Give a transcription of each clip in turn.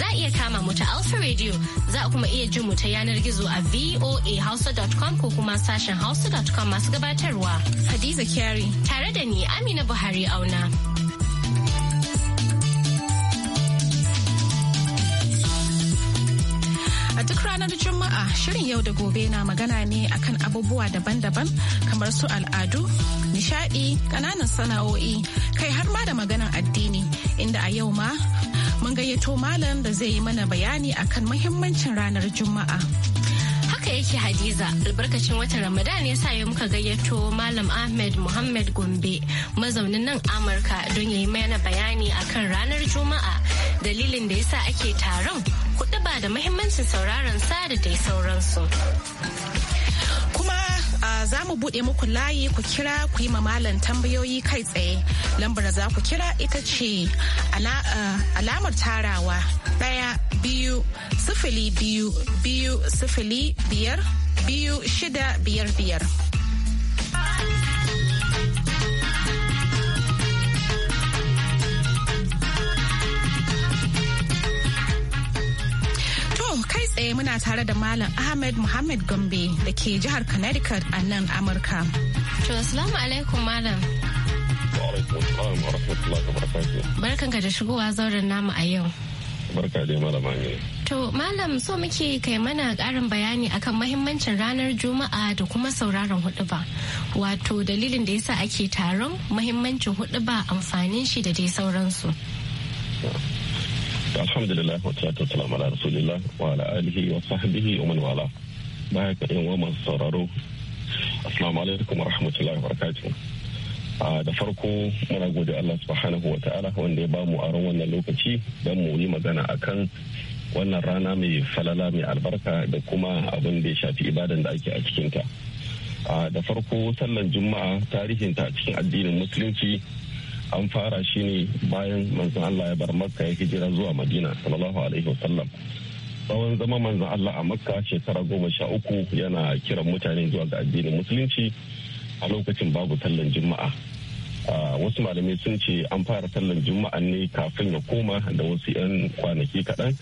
za a iya kama mu ta Alpha Radio za a kuma iya jin mu ta yanar gizo a voahausa.com ko kuma sashen hausa.com masu gabatarwa. Hadiza Kyari. Tare da ni Amina Buhari auna. A duk ranar Juma'a shirin yau da gobe na magana ne akan abubuwa daban-daban kamar su al'adu, nishadi, kananan sana'o'i, kai har ma da maganan addini inda a yau ma mun gayyato malam da zai yi mana bayani akan muhimmancin ranar Juma'a. Haka yake Hadiza, albarkacin watan Ramadan ya sa muka gayyato Malam Ahmed Muhammad Gombe mazaunin nan Amurka don ya yi mana bayani akan ranar Juma'a dalilin da yasa ake taron kuɗi ba da muhimmancin sauraron sa da dai sauransu. Kuma za mu buɗe muku layi ku kira ku yi mamalan tambayoyi kai tsaye lambar za ku kira ita ce alamar tarawa ɗaya biyu sifili biyu biyu sifili biyar biyu shida biyar biyar. tsaye muna tare da Malam Ahmed Muhammad Gombe da ke jihar Connecticut a nan Amurka. To, Assalamu alaikum Malam. Barkanka da shigowa zauren namu a yau. Barka dai Malam To, Malam so muke kai mana ƙarin bayani akan mahimmancin ranar Juma'a da kuma sauraron huɗuba. Wato dalilin da yasa ake taron mahimmancin huɗuba amfanin shi da dai sauransu. alhamdulillah wa salatu wassalamu ala rasulillah wa ala alihi wa sahbihi wa man wala baya ka wa masu sauraro assalamu alaikum wa rahmatullahi wa barakatuh ah, da farko muna gode Allah subhanahu wa ta'ala wanda ya ba mu aron wannan lokaci don mu yi magana akan wannan rana mai falala mai albarka da kuma abin da ya shafi ibadan da ake a cikinta ah, da farko sallan juma'a tarihinta a cikin addinin musulunci an fara shi ne bayan manzon Allah ya bar makka ya hijira zuwa madina sallallahu alaihi wasallam tsawon zama manzon Allah a makka shekara goma sha uku yana kiran mutane zuwa ga addinin musulunci a lokacin babu tallan juma'a wasu malamai sun ce an fara tallan juma'a ne kafin ya koma da wasu 'yan kwanaki kaɗan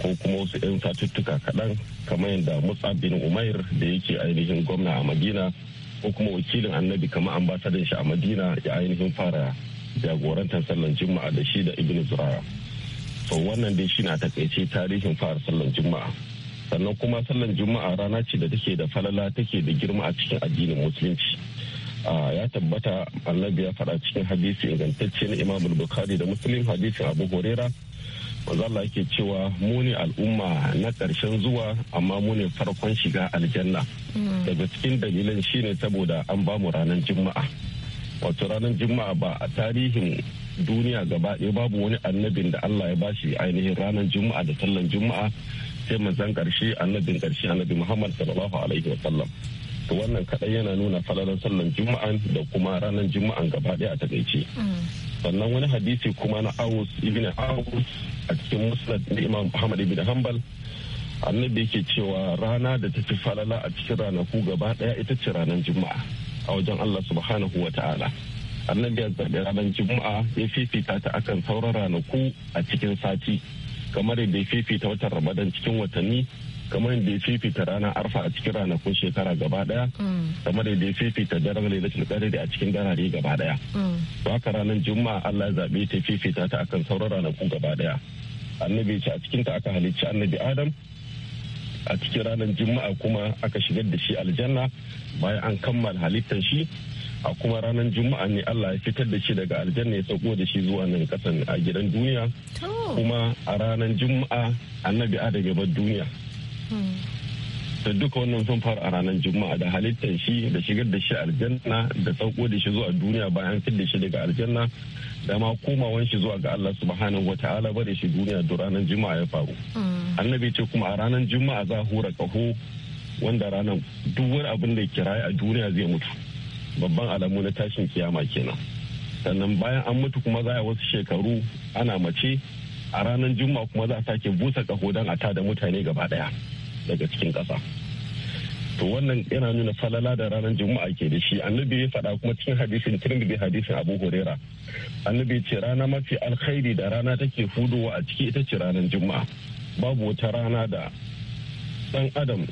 ko kuma wasu 'yan satuttuka kaɗan kamar yadda musa bin umair da yake ainihin gwamna a madina ko kuma wakilin annabi kamar ambasadan shi a madina ya ainihin fara jagorantar sallan juma'a da shi da ibn zurara to wannan dai shi na takaice tarihin fara sallan juma'a sannan kuma sallan juma'a rana ce da take da falala take da girma a cikin addinin musulunci ya tabbata annabi ya faɗa cikin hadisi ingantacce na imam bukhari da muslim hadisin abu horera manzo Allah yake cewa mu ne al'umma na ƙarshen zuwa amma mu ne farkon shiga aljanna hmm. daga cikin dalilan shine saboda an bamu ranar juma'a wato ranar juma'a ba a tarihin duniya gaba ɗaya babu wani annabin da allah ya bashi ainihin ranar juma'a da tallan juma'a sai mazan karshe annabin karshe annabi muhammad sallallahu alaihi wa sallam to wannan kadai yana nuna falalar sallan juma'a da kuma ranar juma'a gaba ɗaya a takaice sannan wani hadisi kuma na aus ibn aus a cikin musnad na imam muhammad ibn hanbal annabi yake cewa rana da ta fi falala a cikin ranaku gaba ɗaya ita ce ranar juma'a a wajen Allah subhanahu wa ta'ala annabi ya zaɓi ranar juma'a ya fifita ta akan sauran ranaku a cikin sati kamar yadda ya fifita watan ramadan cikin watanni kamar yadda ya fifita ranar arfa a cikin ranakun shekara gaba ɗaya, mm. kamar yadda ya fifita daren lailatul qadri a cikin ganare gaba ɗaya mm. to haka ranar juma'a Allah ya zaɓe ta fifita ta akan sauran ranaku gaba ɗaya annabi ce a cikin ta aka halicci annabi adam a cikin ranar juma'a kuma aka shigar da shi aljanna bayan an kammala halittar shi a kuma ranar juma'a ne allah ya fitar da shi daga aljanna ya sauko da shi zuwa nan kasan a gidan duniya kuma a ranar juma'a annabi adam ya bar duniya hmm. da duka wannan sun faru a ranar juma'a da halittar shi da shigar da shi aljanna da sauko da shi zuwa duniya bayan fit da shi daga aljanna da ma komawan shi zuwa ga Allah subhanahu ta'ala bare shi duniya da ranar juma'a ya faru mm. annabi ce kuma a ranar juma'a za hura kaho wanda ranar duk wani abin da kiraye a duniya zai mutu babban alamu na tashin kiyama kenan sannan bayan an mutu kuma za a wasu shekaru ana mace a ranar juma'a kuma za a sake busa kaho don a tada mutane gaba daya daga cikin ƙasa to wannan yana nuna falala da ranar juma'a ke da shi annabi ya faɗa kuma cikin hadisin tirmidhi hadisin abu huraira annabi ce rana mafi alkhairi da rana take hudowa a ciki ita ce ranar juma'a babu wata rana da dan adam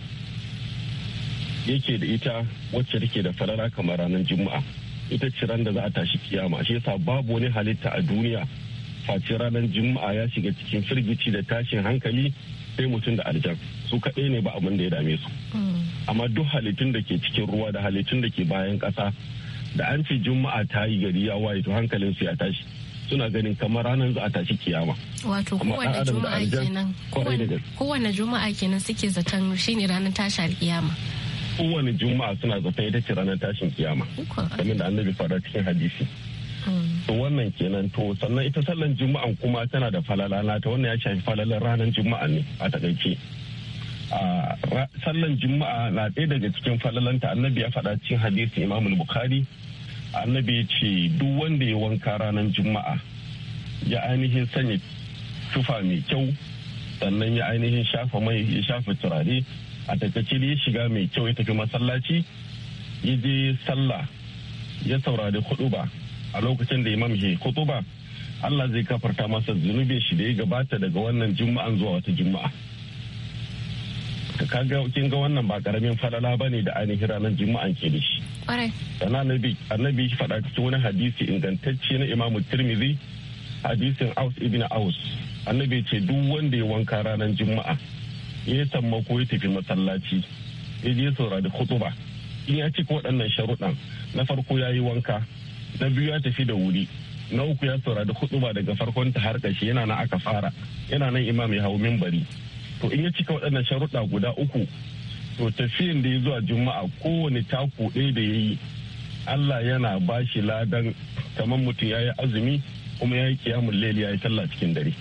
yake da ita wacce take da falala kamar ranar juma'a ita ce ran da za a tashi kiyama shi yasa babu wani halitta a duniya face ranar juma'a ya shiga cikin firgici da tashin hankali sai mutum da aljan su kaɗai ne ba abin da ya dame su amma duk halittun da ke cikin ruwa da halittun da ke bayan ƙasa da an ce juma'a ta yi gari ya waye to hankalin su ya tashi suna ganin kamar ranar za a tashi kiyama wato kowane juma'a kenan kowane juma'a kenan suke zaton shine ranar tashin kiyama kowane juma'a suna zaton ita ce ranar tashin kiyama kamar da annabi fara cikin hadisi to wannan kenan to sannan ita sallan juma'an kuma tana da falala na ta wannan ya shafi falalar ranar juma'a ne a takaice sallan juma'a na ɗaya daga cikin falalanta annabi ya faɗa cikin hadisi imam bukhari annabi ya ce duk wanda ya wanka ranar juma'a ya ainihin sanya tufa mai kyau sannan ya ainihin shafa mai ya shafa turare a takaice ya shiga mai kyau ya tafi masallaci ya je sallah ya saurari hudu ba a lokacin da imam ke kutuba Allah zai kafarta masa zunubin shi da ya gabata daga wannan juma'an zuwa wata juma'a ka ga kin ga wannan ba karamin falala bane da ainihin ranar juma'an ke da shi annabi annabi shi faɗa cikin wani hadisi ingantacce na imamu tirmidhi hadisin aus ibn aus annabi ce duk wanda ya wanka ranar juma'a ya samma ko ya tafi masallaci ya je saurari khutuba in ya cika waɗannan sharuɗan na farko ya yi wanka na biyu ya tafi da wuri na uku ya saurari huduba daga farkon ta har ƙarshe yana nan aka fara yana nan imam ya hau mimbari to in ya cika waɗannan sharuɗa guda uku to tafiyan da ya zuwa juma'a kowane taku ɗaya da ya yi allah yana ba shi ladan kamar mutum ya yi azumi kuma ya yi kiyamun leli ya yi sallah cikin dare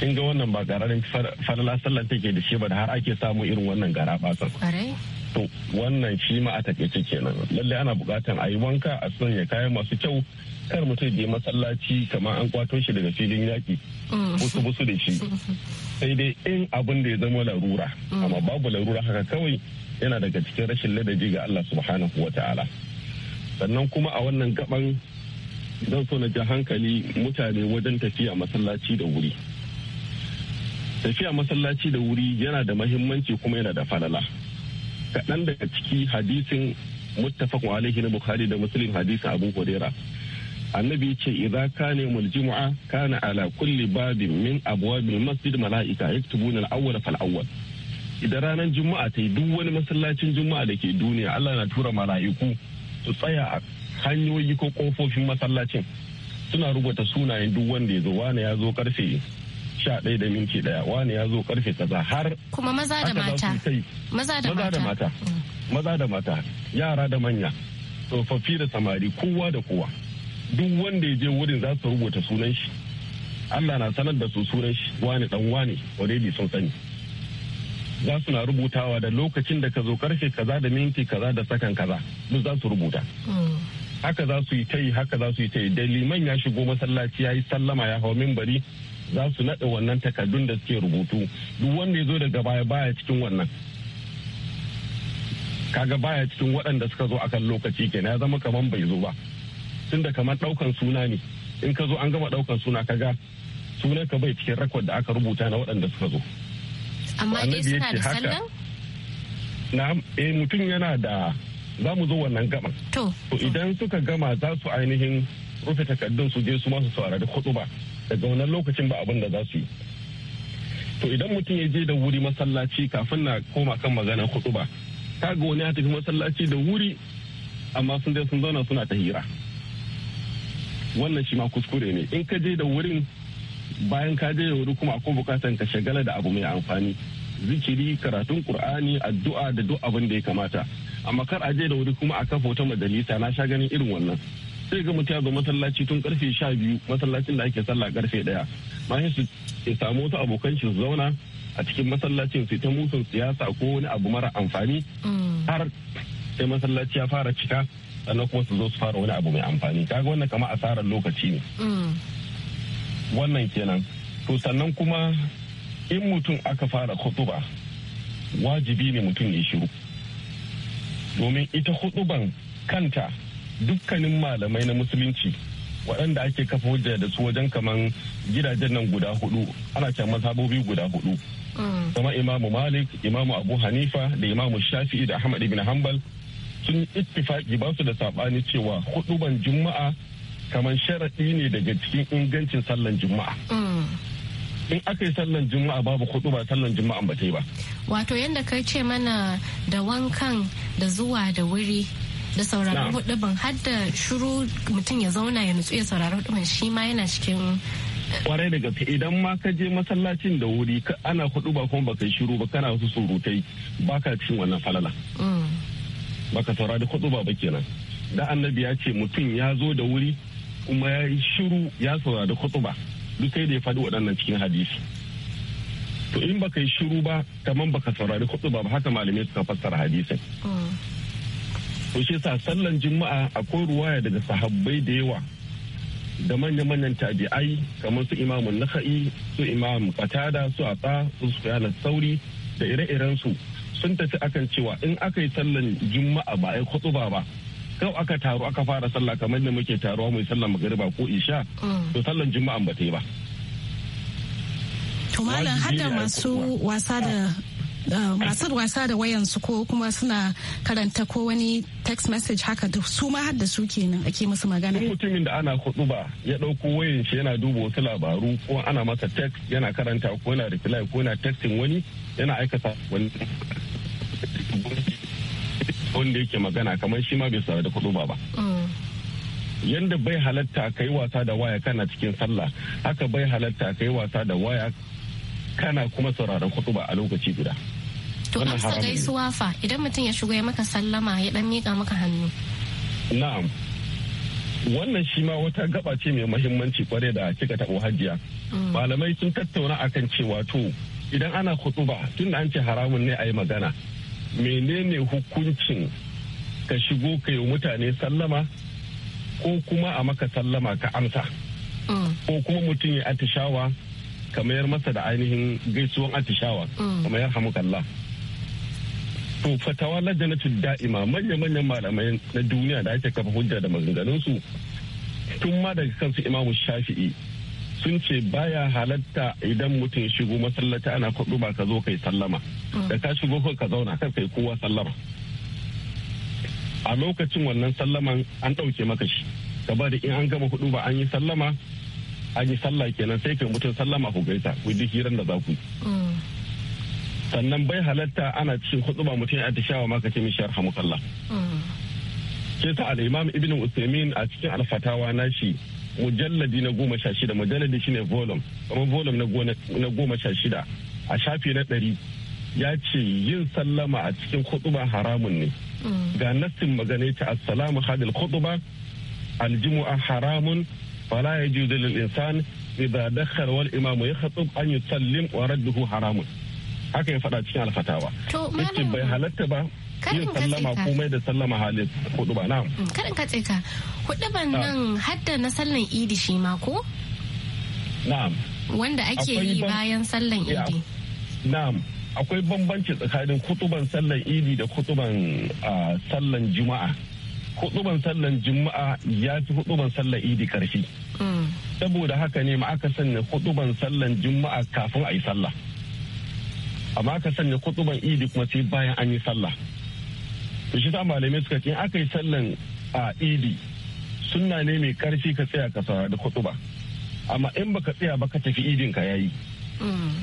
kin ga wannan ba ƙararin falala sallah take da shi ba da har ake samu irin wannan gara ba basar to wannan shi ma a takaice kenan lallai ana bukatan a yi wanka a sanya kayan masu kyau kar mutum je masallaci kamar an kwato shi daga filin yaki mm. busu busu da shi sai dai in abin da ya zama larura mm. amma babu larura haka kawai yana daga cikin rashin ladabi ga Allah subhanahu wa ta'ala sannan kuma a wannan gaban zan so na ji hankali mutane wajen tafiya masallaci da wuri tafiya masallaci da wuri yana da mahimmanci kuma yana da falala kaɗan daga ciki hadisin muttafaq alaihi na bukhari da muslim hadisin abu huraira annabi ce idza kana yawmul jumu'a kana ala kulli babin min abwabil masjid malaika yaktubuna al-awwal fal awwal idan ranar juma'a ta yi duk wani masallacin juma'a da ke duniya Allah na tura mala'iku su tsaya a hanyoyi ko kofofin masallacin suna rubuta sunayen duk wanda ya zo wane ya zo karfe sha ɗaya da minti ɗaya wani ya zo karfe kaza har kuma maza da mata maza da mata mm. maza da mata yara da manya tsofaffi da samari kowa da kowa duk wanda ya je wurin za su rubuta sunan shi Allah na sanar da su sunan shi wani dan wani already sun sani za su na rubutawa da lokacin da ka zo karfe kaza da minti kaza da sakan kaza duk za su rubuta mm. haka za su yi ta yi haka za su yi ta yi da liman ya shigo masallaci ya yi sallama ya hau mimbari za su naɗa wannan takardun da suke rubutu duk wanda ya zo daga baya baya cikin wannan kaga baya cikin waɗanda suka zo akan lokaci kenan ya zama kaman bai zo ba tunda kamar ɗaukan suna ne in ka zo an gama ɗaukan suna kaga sunan ka bai cikin rakwar da aka rubuta na waɗanda suka zo amma dai eh, suna da sallan na eh mutum yana da za mu zo wannan gama to idan suka gama za su ainihin rufe takardun su je su masu saurari hudu ba daga wannan lokacin ba abin da za su yi to idan mutum ya je da wuri masallaci kafin na koma kan magana kudu ba kaga wani ya tafi masallaci da wuri amma sun dai sun zauna suna ta hira wannan shi ma kuskure ne in ka je da wurin bayan ka je da wuri kuma akwai bukatan ka shagala da abu mai amfani zikiri karatun qur'ani addu'a da duk abin da ya kamata amma kar a je da wuri kuma a kafa wata majalisa na sha ganin irin wannan sai ga mutum ya zo masallaci tun karfe sha biyu masallacin da ake sallah karfe daya bayan su ya samu wasu abokan shi zauna a cikin masallacin su ta musun siyasa ko wani abu mara amfani mm. har sai masallaci ya fara cika sannan kuma su zo su fara wani abu mai amfani kaga wannan kama asarar lokaci ne mm. wannan kenan to sannan kuma in mutum aka fara khutuba wajibi ne mutum ya shiru domin ita khutuban kanta dukkanin malamai na musulunci waɗanda ake kafa hujja da su wajen kaman gidajen nan guda hudu ana cewa mazhabobi guda hudu mm. kama imamu malik imamu abu hanifa da imamu shafi'i da ahmad ibn hanbal sun ittifaki ba su da sabani cewa huduban juma'a kamar sharaɗi ne daga cikin ingancin sallan juma'a mm. in aka yi sallan juma'a babu hudu ba sallan juma'a ba ta yi ba wato yadda ka ce mana da wankan da zuwa da wuri da sauraron huduban har da shuru mutum ya zauna ya nutsu ya saurari huduban shi ma yana cikin eh, kwarai da gaske idan ma ka je masallacin da wuri ana hudu ba kuma baka shiru ba kana wasu surutai baka cin wannan falala mm. baka saurari hudu ba kenan da annabi ya ce mutum ya zo da wuri kuma ya yi shiru ya saurari hudu ba duk da ya faɗi waɗannan cikin hadisi to in baka yi shiru ba kamar baka saurari hudu ba haka malamai suka fassara hadisin mm. to shi sa sallan juma'a akwai ruwaya daga sahabbai da yawa da manya-manyan tabi'ai kamar su imamu naka'i su imamu katada su atsa su sufyan sauri da ire-iren su sun tafi akan cewa in aka yi sallan juma'a ba ai khutba ba kau aka taru aka fara sallah kamar da muke taruwa mu sallan magariba ko isha mm. to sallan juma'a ba ta yi ba to malam masu wasa da masu wasa da wayansu ko kuma suna karanta ko wani text message haka da su ma har da su kenan ake musu magana. Duk mutumin da ana kudu ba ya ɗauko wayan shi yana duba wasu labaru ko ana masa text yana karanta ko yana reply ko yana texting wani yana aikata wani wanda yake magana kamar shi ma bai saurari da kudu ba ba. Mm. Yanda bai halatta ka yi wasa da waya kana cikin sallah haka bai halatta ka yi wasa da waya kana kuma sauraron kudu ba a lokaci guda to amsa gaisuwa fa idan mutum ya shigo ya maka sallama ya dan miƙa maka hannu na'am wannan shi ma wata gaba ce mai muhimmanci kware da kika taɓo hajiya mm. malamai sun tattauna kan cewa to idan ana kutuba tun da an ce haramun ne a yi magana menene hukuncin ka shigo ka yi mutane sallama ko kuma a maka sallama ka amsa mm. ko kuma mutum ya atishawa ka mayar masa da ainihin gaisuwan atishawa Ka mayar hamukallah to fatawa lajanatul da'ima manya-manyan malamai na duniya da ake kafa hujja da maganganunsu tun ma daga kansu imamu shafi'i sun ce baya halatta idan mutum shigo masallaci ana kwaɗo ba ka zo kai sallama da ka shigo ka zauna kar kai kowa sallama a lokacin wannan sallaman an ɗauke maka shi gaba da in an gama hudu ba an yi sallama an yi sallah kenan sai ka mutum sallama ku gaita ku duk hirar da za ku mm. sannan bai halatta ana cikin kutsuba mutum ya atishawa ma kace mishi kallah. ke sa al-imam ibn usaimin a cikin alfatawa na shi mujalladi na goma sha shida mujalladi shine volume kamar volume na goma sha shida a shafi na ɗari ya ce yin sallama a cikin hutsuba haramun ne mm. ga nassin magana ta assalamu hadil hutsuba aljimua haramun فلا يجوز للإنسان إذا دخل والإمام يخطب أن يسلم ورده حرام haka ya faɗa cikin alfatawa yake bai halatta ba yin sallama komai da sallama halin hudu ba na'am karin ka tsika hudu ban nan hadda na sallan idi shi ma ko na'am wanda ake yi bayan sallan idi na'am akwai bambanci tsakanin kutuban sallan idi da kutuban sallan juma'a kutuban sallan juma'a ya fi kutuban sallan idi karfi saboda haka ne ma aka sanya kutuban sallan juma'a kafin a yi sallah amma aka sanya kutuban idi kuma sai bayan an yi sallah to shi sa malamai suka ce aka yi sallan a idi sunna ne mai karfi ka tsaya ka saurari kutuba amma in baka tsaya ba ka tafi idin ka yayi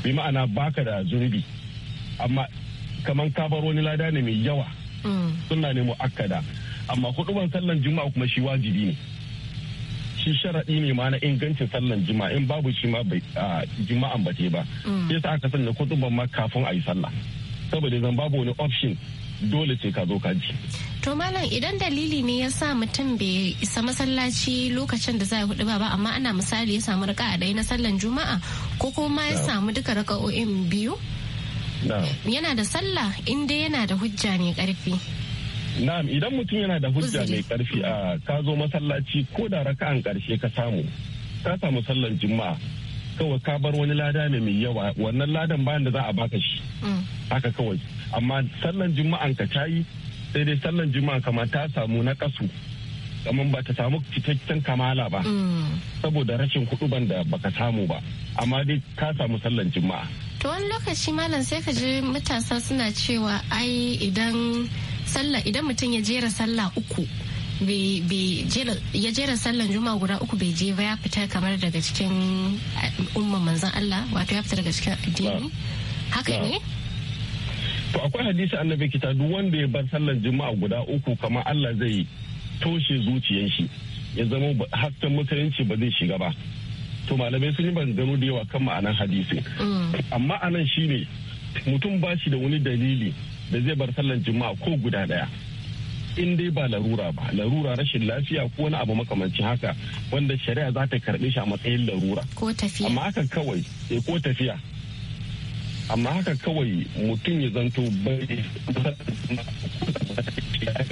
bi ma'ana baka da zunubi amma kaman ka bar wani lada ne mai yawa mm. sunna ne akada. amma kutuban sallan juma'a kuma shi wajibi ne shi sharaɗi ne ma na ingancin sallan juma'a in babu shi ma juma'an ba ba mm. yasa aka sanya kutuban ma kafin a yi sallah saboda zan babu wani option dole ce ka zo ka ji. To malam idan dalili ne ya sa mutum bai isa masallaci lokacin da za a hudu ba amma ana misali ya samu raka a ɗaya na sallan juma'a ko kuma ya samu duka raka'o'in biyu? Yana da sallah inda yana da hujja ne karfi. Na'am idan mutum yana da hujja mai karfi a ka zo masallaci ko da raka'an karshe ka samu ka samu sallan juma'a kawai ka bar wani lada ne mai yawa wannan ladan bayan da za a baka shi mm. haka kawai amma sallan juma'an ka tayi sai dai sallan juma'a kama ta samu na kasu kamar ba ta samu cikakken kamala ba mm. saboda rashin ban da baka samu ba amma dai ka samu sallan juma'a to wani lokaci malam sai ka je matasa suna cewa ai idan sallah idan mutum ya jera sallah uku ya jera sallan juma'a guda uku bai je ba ya fita kamar daga cikin eh, umman manzan Allah wato ya fita daga cikin addini haka ne to akwai hadisi annabi kita duk wanda ya bar sallan juma'a guda uku kamar Allah zai toshe zuciyar shi ya zama hasken mutunci ba zai shiga ba to malamai sun yi banzano da yawa kan ma'anar hadisi mm. amma anan shine mutum ba shi da wani dalili da zai bar sallan juma'a ko guda daya in dai ba larura ba larura rashin lafiya ko wani abu makamancin haka wanda shari'a za ta karbi shi a matsayin larura ko tafiya amma haka kawai eh ko tafiya amma haka kawai mutum ya zanto bai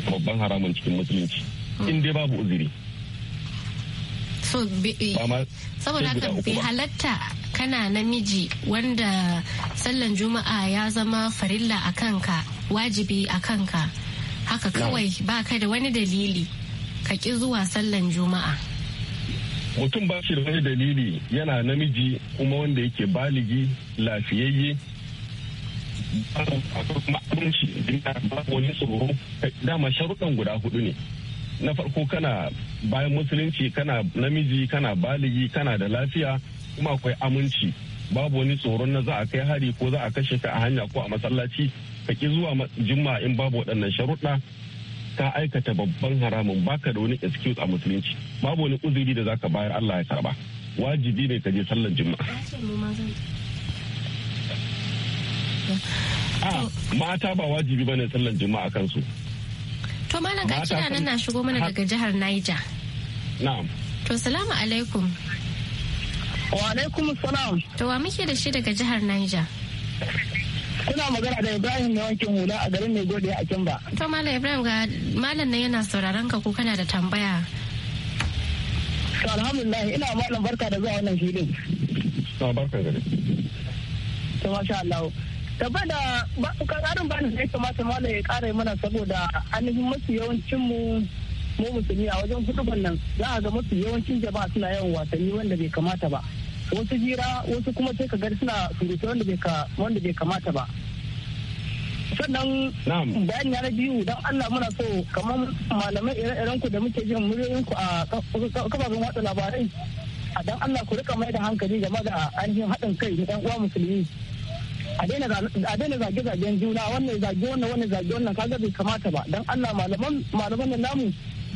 babban haramun cikin musulunci hmm. in dai babu uzuri saboda haka bai halatta kana namiji wanda sallan juma'a ya zama farilla a kanka wajibi a kanka haka kawai ba ka da wani dalili ka ki zuwa sallan juma'a mutum ba shi da wani dalili yana namiji kuma wanda yake baligi lafiyayye dama sharuɗan guda hudu ne na farko kana bayan musulunci kana namiji kana baligi kana da lafiya kuma akwai aminci babu wani tsoron na za a kai hari ko za a kashe ka a hanya ko a masallaci ka ki zuwa jimma in babu waɗannan sharuɗa ka aikata babban haramun baka da wani excuse a musulunci babu wani uzuri da zaka bayar Allah ya karba wajibi ne ka je sallar jimma a mata ba wajibi bane sallar jimma a kansu to malam ga kira nan na shigo mana daga jihar Niger na'am to salamu alaikum Wa alaikum salam. To wa muke da shi daga jihar Niger? Kuna magana da Ibrahim mai wankin hula a garin mai gode a Kimba. To Malam Ibrahim ga malam nan yana sauraron ka ko kana da tambaya. alhamdulillah ina malam barka da zuwa wannan filin. To barka da To masha Allah. tabba da karin ba da ya kamata malam ya kara mana saboda ainihin mafi yawancin mu mu musulmi a wajen hudu nan za a ga mafi yawancin jama'a suna yawan wasanni wanda bai kamata ba. wasu hira wasu kuma sai ka gari suna surutu wanda bai kamata ba sannan bayan na biyu don Allah muna so kamar malamai ire-iren ku da muke jin muryoyin ku a kafafen watsa labarai a don Allah ku rika mai da hankali game da ainihin haɗin kai da ɗan uwa musulmi a daina zage-zagen juna wannan zage wannan wannan zage wannan kaga bai kamata ba don Allah malaman malaman nan namu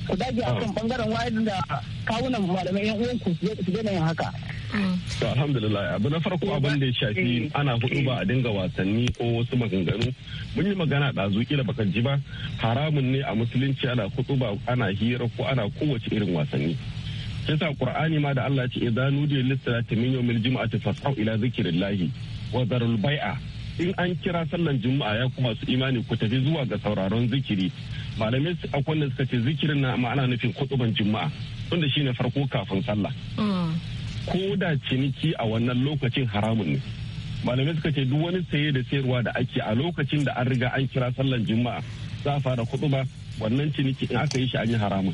ku dage akan bangaren wayar da kawunan malamai yan uwanku su daina yin haka to alhamdulillah abu na farko eh, abin da ya shafi eh. ana hudu ba a dinga wasanni ko wasu maganganu mun yi magana ɗazu kila baka ji ba haramun ne a musulunci ana hudu ba ana hira ko ana kowace irin wasanni sa qur'ani ma da Allah ya ce idan nudi lissalati min yawmil jum'ati fas'au ila zikrillahi wa darul bai'a in an kira sallan juma'a ya kuma su imani ku tafi zuwa ga sauraron zikiri malamai akwai wanda suka ce zikirin na ma'ana nufin kutuban juma'a wanda shine farko kafin sallah mm. ko da ciniki a wannan lokacin haramun ne malamai suka ce duk wani saye da sayarwa da ake a lokacin da an riga an kira sallan juma'a za a fara kudu ba wannan ciniki in aka yi shi an yi haramun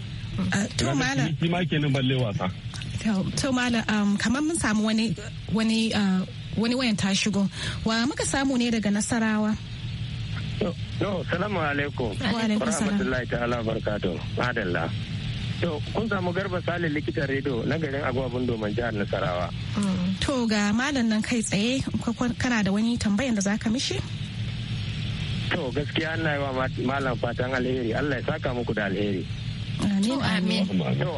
ah, ciniki ma kenan balle wasa to malam um, kamar mun samu wani wani uh, wani wayan ta shigo wa muka samu ne daga nasarawa Yo, salamu alaikum. Wa alaikum salam. Wa rahmatullahi ta'ala barakatuh. Madalla. To kun samu garba salin likitan rediyo na garin agwabin domin jihar Nasarawa. To ga malam nan kai tsaye kana da wani tambayan da za ka mishi? To gaskiya Allah yi wa malam fatan alheri Allah ya saka muku da alheri. Amin amin. To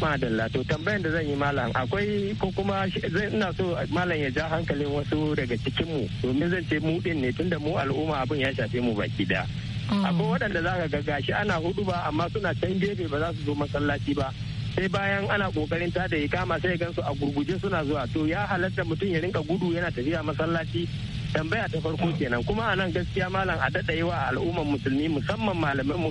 madalla to tambayan da zan yi malam akwai ko kuma ina so malam ya ja hankalin wasu daga cikinmu domin zan ce mu din ne tunda mu al'umma abin ya shafe mu baki da akwai waɗanda za ka ga gashi ana hudu ba amma suna can gefe ba za su zo masallaci ba sai bayan ana kokarin da ya kama sai gan su a gurguje suna zuwa to ya halatta mutum ya rinka gudu yana tafiya masallaci tambaya ta farko kenan kuma a nan gaskiya malam a daɗa yawa wa al'umman musulmi musamman malamanmu mu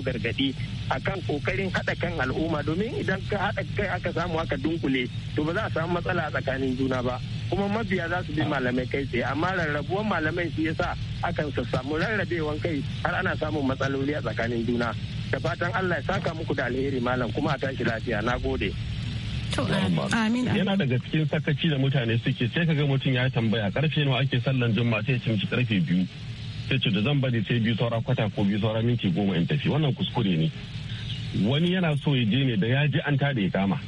a kan kokarin haɗa kan al'umma domin idan ka haɗa kai aka samu aka dunkule to ba za a samu matsala a tsakanin juna ba kuma mabiya za su bi malamai kai tsaye amma rarrabuwan malamai shi yasa akan samu rarrabewan kai har ana samun matsaloli a tsakanin juna da fatan Allah ya saka muku da alheri malam kuma a tashi lafiya na gode yana daga cikin sakaci da mutane suke sai kaga mutum ya tambaya karfe nawa ake sallan juma'a sai ya cimci karfe biyu sai ce da zan bari sai biyu saura kwata ko biyu saura minti goma in tafi wannan kuskure ne wani yana so ya je ne da ya ji an tada ya kama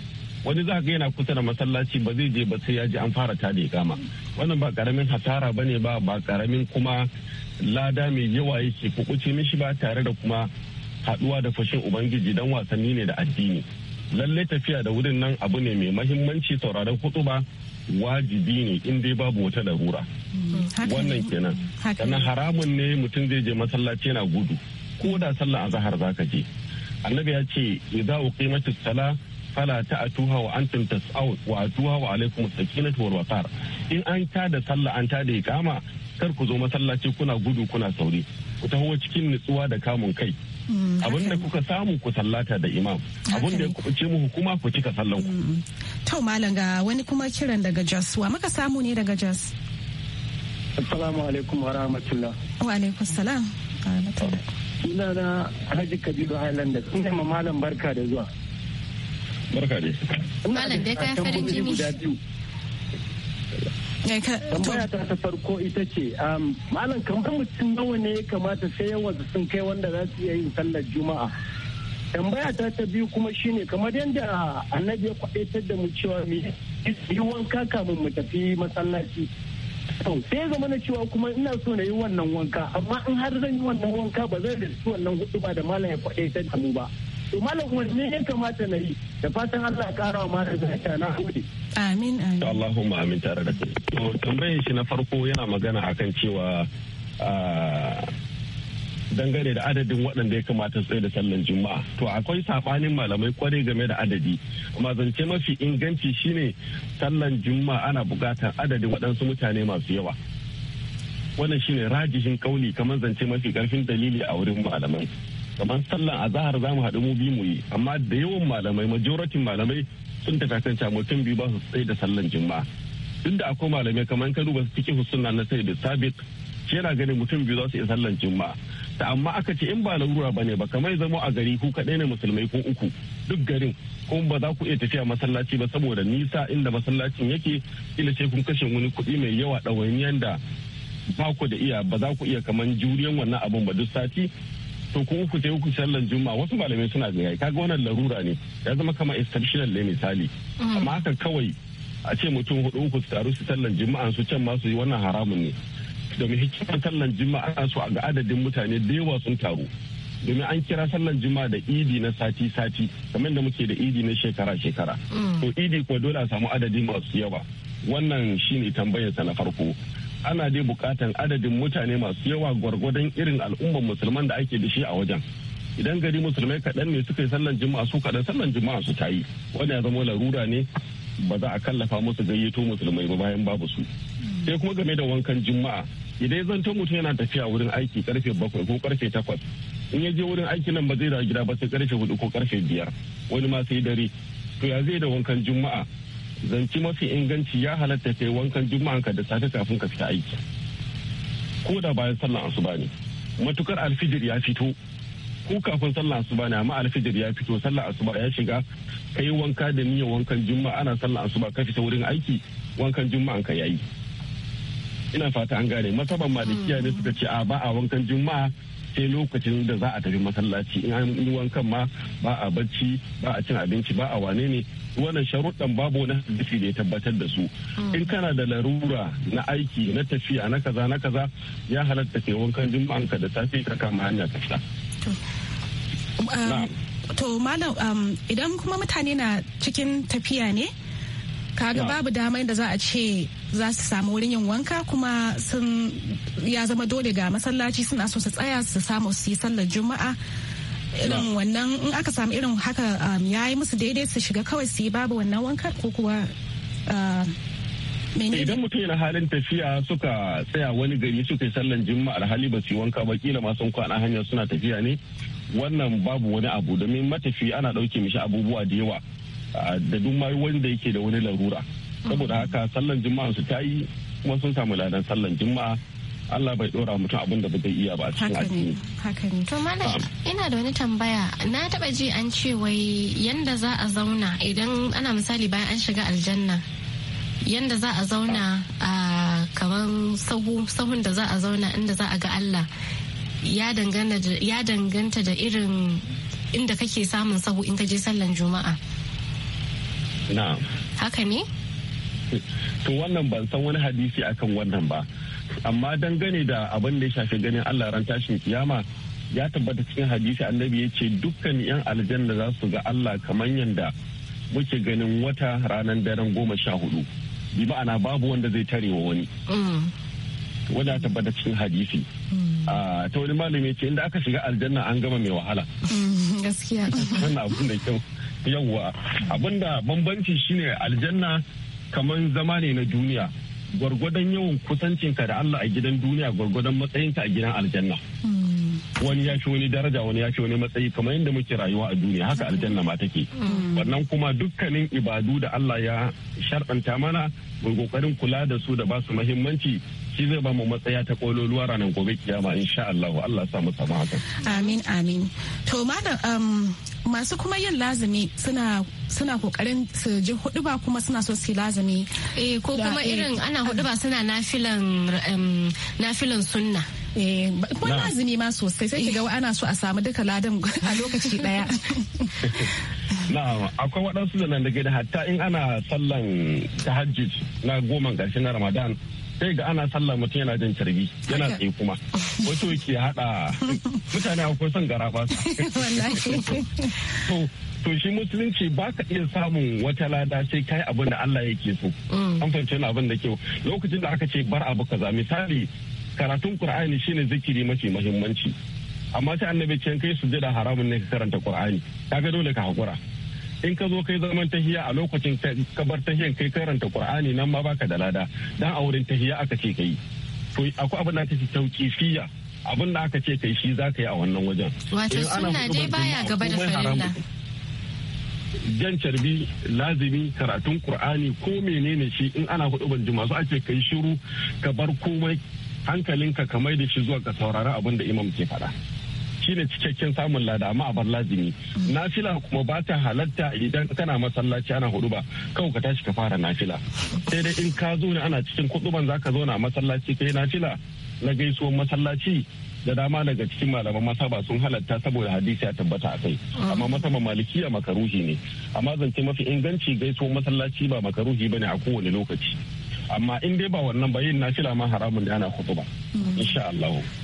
wani za ka yana kusa da masallaci ba zai je ba sai ya ji an fara ta da kama wannan ba karamin hasara ba ne ba ba karamin kuma lada mai yawa yake kukuce mishi ba tare da kuma haduwa da fashin ubangiji dan wasanni ne da addini lallai tafiya da wurin nan abu ne mai mahimmanci sauraron ba wajibi ne in dai babu wata larura wannan kenan sannan haramun ne mutum zai je masallaci yana gudu ko da sallah azhar zaka je annabi ya ce idza uqimatis sala fala ta a tuha wa antum tas'aun wa a tuha wa alaikum sakinatu wal waqar in an ta da sallah an ta da iqama kar ku zo masallaci kuna gudu kuna sauri ku taho cikin nutsuwa da kamun kai mm, abin da kuka samu ku sallata da imam abin da ya kuɓuce mu hukuma ku cika sallan ku mm, mm. to malam ga wani kuma kiran daga Jos wa muka samu ne daga Jos Assalamu alaikum wa rahmatullah wa alaikum salam sunana Haji Kabiru Highland ina ma malam barka da zuwa barka dai malam dai ka farin jini tambaya ta ta farko ita ce um, malam kamar mutum nawa ne ya kamata sai yawa sun kai wanda za su iya yin sallar juma'a tambaya ta ta biyu kuma shine kamar yadda annabi ya kwadaitar da mu cewa mu yi wanka kamun mu tafi masallaci sai zama na cewa kuma ina so na yi wannan wanka amma in har zan yi wannan wanka ba zan da wannan hudu ba da malam ya kwadaitar da mu ba to malam kuma ne ya kamata na yi da fatan Allah ya kara wa da lafiya na gode amin amin Allahumma amin tare da kai to tambayar shi na farko yana magana akan cewa ah, dangane da adadin waɗanda ya kamata tsaye da sallan juma'a to akwai sabanin malamai kwarai game da adadi amma zance mafi inganci shine sallan juma'a ana buƙatar adadin waɗansu mutane masu yawa wannan shine rajihin kauli kamar zance mafi ƙarfin dalili a wurin malamai kamar sallan azahar za mu haɗu mu bi mu yi amma da yawan malamai majoratin malamai sun tafi kan cewa mutum biyu ba su tsaye da sallan jimma duk da akwai malamai kamar ka duba cikin sunna na sai da sabit shi yana ganin mutum biyu za su iya sallan jimma ta amma aka ce in ba larura ba ne ba kamar zama a gari ku kaɗai ne musulmai ko uku duk garin kuma ba za ku iya tafiya masallaci ba saboda nisa inda masallacin yake ila ce kun kashe wani kuɗi mai yawa ɗawainiyan da ba ku da iya ba za ku iya kamar juriyan wannan abun ba duk sati to ko uku sai uku sallan juma'a wasu malamai suna ga kaga wannan larura ne ya zama kama exceptional ne misali mm. amma haka kawai a ce mutum hudu uku su taru su sallan juma'a su can ma su yi wannan haramun ne domin hikimar sallan juma'a su ga adadin mutane da yawa sun taru domin an kira sallan juma'a da idi na sati sati kamar da muke da idi na shekara shekara mm. to idi ko dole a samu adadi masu yawa wannan shine tambayarsa na farko ana dai bukatan adadin mutane masu yawa gwargwadon irin al'ummar musulman da ake da shi a wajen idan gari musulmai kaɗan ne suka yi sallan juma'a su kaɗan sallan juma'a su ta yi wanda ya zama larura ne ba za a kallafa musu gayyato musulmai ba bayan babu su sai kuma game da wankan juma'a idan ya zanto mutum yana tafiya wurin aiki karfe bakwai ko karfe takwas in ya je wurin aiki nan ba zai da gida ba sai karfe hudu ko karfe biyar wani ma sai dare to ya zai da wankan juma'a zanci mafi inganci ya halatta kai wankan juma'anka da safe kafin ka fita aiki ko da bayan sallar asuba ne matukar alfijir ya fito ko kafin sallar asuba ne amma alfijir ya fito sallar asuba ya shiga ka yi wanka da niyyar wankan juma'a ana sallar asuba ka fita wurin aiki wankan juma'anka yayi ina fata an gane masaban malikiya ne suka ce a ba a wankan juma'a sai lokacin da za a tafi masallaci in an yi wankan ma ba a bacci ba a cin abinci ba a wane ne wannan sharuɗan babu wani hadisi da ya tabbatar da su hmm. in kana da larura na aiki na tafiya na kaza na kaza ya halatta ke wankan jima'anka da safe ka kama hanya ka fita to um, malam um, idan kuma mutane na cikin tafiya ne kaga babu damar da za a ce za su samu wurin yin wanka kuma sun ya zama dole ga masallaci suna so su tsaya su samu su yi sallar juma'a irin wannan in aka samu irin haka um, ya yi musu daidai su shiga kawai su yi babu wannan wankar ko kuwa uh, idan mutum yana halin tafiya suka tsaya wani gari suka yi sallan jimma alhali ba su yi wanka ba kila masu kwana hanya suna tafiya ne wannan babu wani abu domin matafi ana ɗauke mishi abubuwa da yawa uh, da duk mai wanda yake da wani larura mm. saboda haka sallan jimma su ta yi kuma sun samu ladan sallan jimma. Allah bai dora mutum abin da bai iya ba a cikin addini. Haka ne. To malam ina da wani tambaya na taba ji an ce wai yanda za a zauna idan ana misali bayan an shiga aljanna yanda za a zauna a kaman sahu sahun da za a zauna inda za a ga Allah ya danganta da irin inda kake samun sahu in ka je sallan juma'a. Na'am. Haka ne? To wannan ban san wani hadisi akan wannan ba. amma dangane da abin da ya shafi ganin allah ran tashin kiyama ya tabbata cikin hadisi annabi ya ce dukkan yan aljanna za su ga allah kamar yadda muke ganin wata ranar daren goma sha hudu bi ma'ana babu wanda zai tare wa wani mm. wanda tabbata cikin hadisi mm. a ah, ta wani malami ce inda aka shiga aljanna an gama mai wahala mm, gaskiya wannan abin da kyau yawwa abinda bambanci shine aljanna kamar zama ne na duniya gwargwadon yawan kusancinka da Allah a gidan duniya gwargwadon matsayinka a gidan aljanna hmm. wani ya ci wani daraja wani ya ci wani matsayi kamar yadda muke rayuwa a duniya haka aljanna ma take hmm. wannan kuma dukkanin ibadu da Allah ya sharɗanta mana mu kokarin kula da su da ba su muhimmanci shi zai ba mu matsaya ta kololuwa ranar gobe kiyama insha Allah Allah samu samu haka amin amin to malam um, masu kuma yin lazumi suna suna kokarin su ji hudu ba kuma suna so su lazumi eh ko kuma eh, irin ana um, hudu ba suna nafilan um, nafilan sunna eh, ko lazumi ma sosai sai ga ana so a samu duka ladan a lokaci daya na'am akwai waɗansu da nan da hatta in ana sallan tahajjud na goma ƙarshen na ramadan sai ga ana sallah mutum yana jin tarbi yana tsaye kuma wato ke hada mutane akwai son gara basa to shi musulunci ba ka iya samun wata lada sai kai abin da Allah yake so mm. an fahimci abin da kyau lokacin da aka ce bar abu kaza misali karatun qur'ani shine zikiri mafi muhimmanci amma sai annabi ce kai sujada haramun ne ka karanta qur'ani kaga dole ka hakura in ka zo kai zaman tahiya a lokacin kabar tahiyan kai karanta qur'ani nan ma baka da lada dan a wurin tahiya aka ce kai to akwai abin da tauki fiya abin da aka ce kai shi za ka yi a wannan wajen wato sunna dai baya gaba da farilla jan carbi lazimi karatun qur'ani ko menene shi in ana hudu ban jima su ake kai shiru ka bar komai hankalinka ka mai da shi zuwa ka saurari abin da imam ke faɗa. shine cikakken samun lada amma a bar lazimi nafila kuma ba ta halatta idan kana masallaci ana hudu ba kawai ka tashi ka fara nafila sai dai in ka zo ne ana cikin kuduban zaka zo na masallaci kai nafila na gaisuwan masallaci da dama daga cikin malaman ba sun halatta saboda hadisi ya tabbata a kai amma masaba malikiya makaruhi ne amma zance mafi inganci gaisuwan masallaci ba makaruhi ne a kowane lokaci amma in dai ba wannan ba yin nafila ma haramun da ana hudu ba insha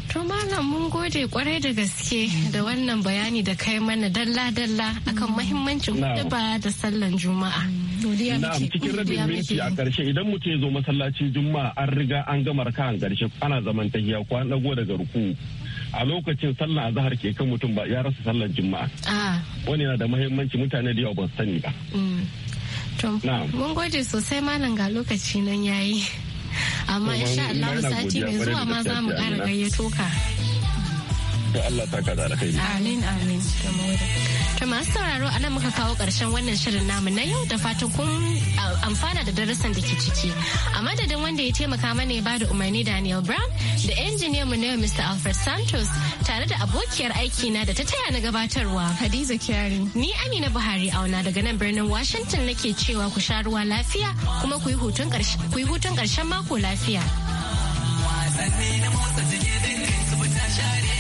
To malam mun gode kwarai da gaske da wannan bayani da kai mana dalla-dalla akan mahimmancin ba da sallan juma'a. Na'am cikin rabin minti a ƙarshe idan mutum ya zo masallacin juma'a an riga an gama raka an ƙarshe ana zaman ta ko an dago daga ruku. A lokacin sallan azahar ke kan mutum ba ya rasa sallan juma'a. Wani yana da mahimmanci mutane da yawa ba sani ba. Mm. Mun gode sosai malam ga lokaci nan yayi. amma insha Allah sati mai zuwa ma za mu ƙara gayyato ka da Allah ta da kai. amin amin to masu sauraro anan muka kawo karshen wannan shirin namu na yau da fatan kun amfana da darasin da ke ciki a madadin wanda ya taimaka mana ya bada umarni Daniel Brown da injiniya mu na Mr. Alfred Santos tare da abokiyar aiki na da ta taya na gabatarwa Hadiza Kyari ni Amina Buhari auna daga nan birnin Washington nake cewa ku sha ruwa lafiya kuma ku yi hutun karshen mako lafiya wasanni na motsa jiki su fita share